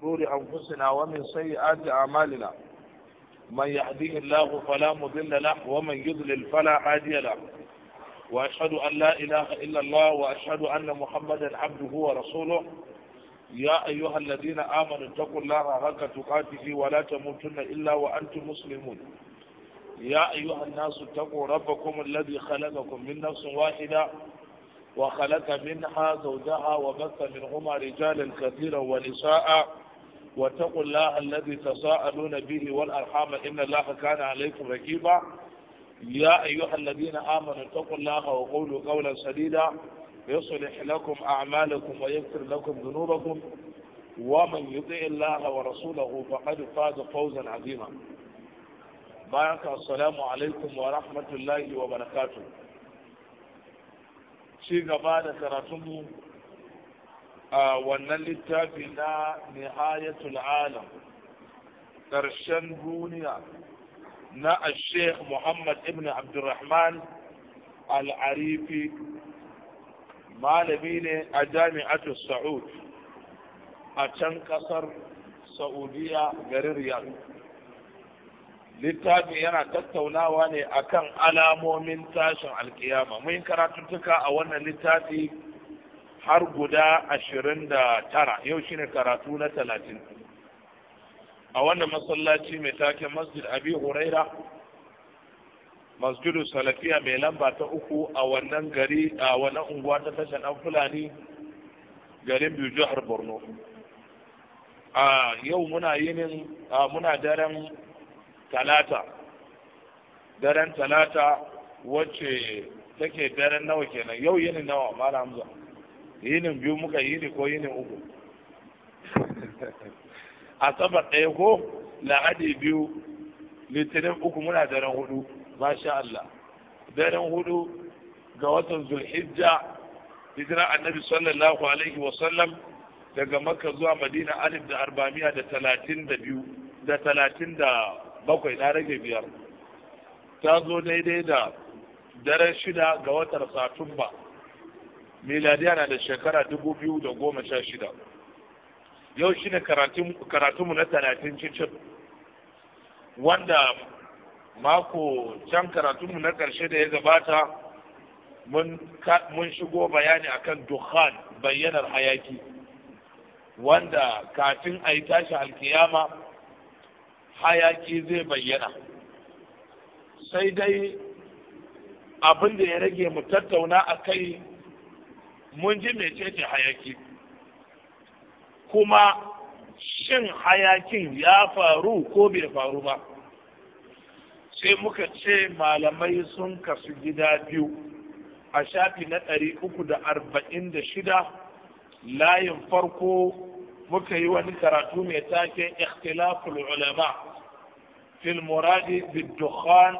شرور أنفسنا ومن سيئات أعمالنا من يهديه الله فلا مضل له ومن يضلل فلا هادي له وأشهد أن لا إله إلا الله وأشهد أن محمدا عبده ورسوله يا أيها الذين آمنوا اتقوا الله حق تقاته ولا تموتن إلا وأنتم مسلمون يا أيها الناس اتقوا ربكم الذي خلقكم من نفس واحدة وخلق منها زوجها وبث منهما رجالا كثيرا ونساء واتقوا الله الذي تساءلون به والأرحام إن الله كان عليكم ركيبا يا أيها الذين آمنوا اتقوا الله وقولوا قولا سديدا يصلح لكم أعمالكم ويغفر لكم ذنوبكم ومن يطع الله ورسوله فقد فاز فوزا عظيما بارك السلام عليكم ورحمة الله وبركاته شيء بعد كراتمه wannan littafi na nihayatul alam ƙarshen duniya na sheikh muhammad ibn abdurrahman al'arifi malami ne a jami'atu sa'ud a can ƙasar saudiya garin riyadu littafi yana tattaunawa ne akan alamomin tashin alkiyama mun karatuttuka a wannan littafi har guda ashirin da tara yau shine karatu na talatin a wannan masallaci mai taken masjid abi huraira masjidu salafiya mai lamba ta uku a wannan gari a wannan unguwa ta tashar ɗan fulani garin biyu jihar borno a yau muna yinin muna daren talata daren talata wacce take daren nawa kenan yau yinin nawa malam hamza yinin biyu muka yi ne ko yinin uku asabar ɗaya ko la'adi biyu litinin uku muna daren hudu ba sha Allah daren hudu ga watan zulhijja hijira annabi sallallahu alaihi wa sallam daga makka zuwa madina alif da arbamiya da talatin da biyu da talatin da bakwai na rage biyar ta zo daidai da daren shida ga watan satumba miladiya na da shekara dubu biyu da goma sha shida yau shine karatunmu na talatin cincin wanda mako can karatunmu na ƙarshe da ya gabata mun shigo bayani akan dukkan bayyanar hayaki wanda kafin a yi tashi alkiyama hayaki zai bayyana sai dai abinda ya rage mu tattauna a kai mun ji mecece hayaki kuma shin hayakin ya faru ko bai faru ba sai muka ce malamai sun kasu gida biyu a shafi na ɗari uku da arba'in da shida layin farko muka yi wani karatu mai take ikhtilaful ulama fil muradi bid dukhan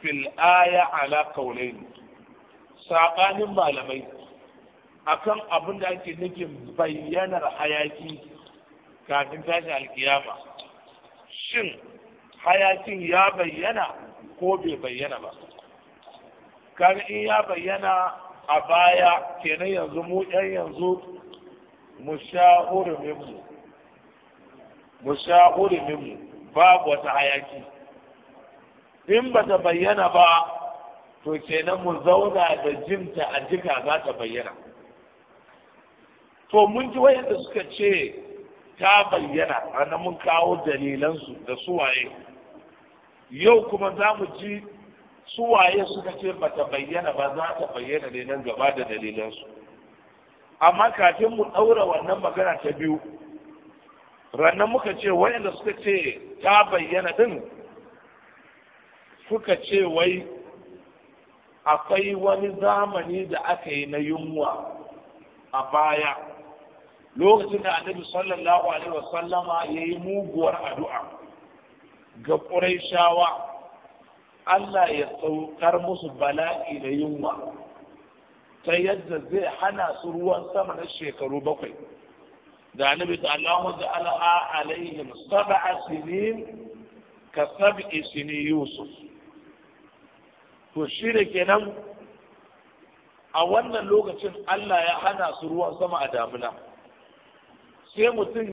fil aya ala qawlayn saɓanin malamai akan abin da ake nufin bayyanar hayaki kafin tashi alkiyama shin hayakin ya bayyana ko bai bayyana ba kaga in ya bayyana a baya kenan yanzu mu ɗan yanzu mu sha hurumin mu babu wata hayaki in ba ta bayyana ba to kenan mu zauna da jinta a jika za ta bayyana to mun ji wayanda suka ce ta bayyana ana mun kawo dalilansu da suwaye yau kuma za mu ji suwaye suka ce ba ta bayyana ba za ta bayyana ne nan gaba da dalilansu amma kafin mu ɗaura wannan magana ta biyu rannan muka ce wayanda suka ce ta bayyana din suka ce wai akwai wani zamani da aka yi na yunwa a baya lokacin da annabi sallallahu alaihi sallama ya yi muguwar addu'a ga ƙuraishawa Allah ya saukar musu bala'i da yunwa ta yadda zai hana su ruwan sama na shekaru bakwai da annabi sallallahu alaihi da sallama alaihim sab'a sinin ka sab'i sini yusuf to shi da kenan a wannan lokacin Allah ya hana su ruwan sama a damuna sai mutum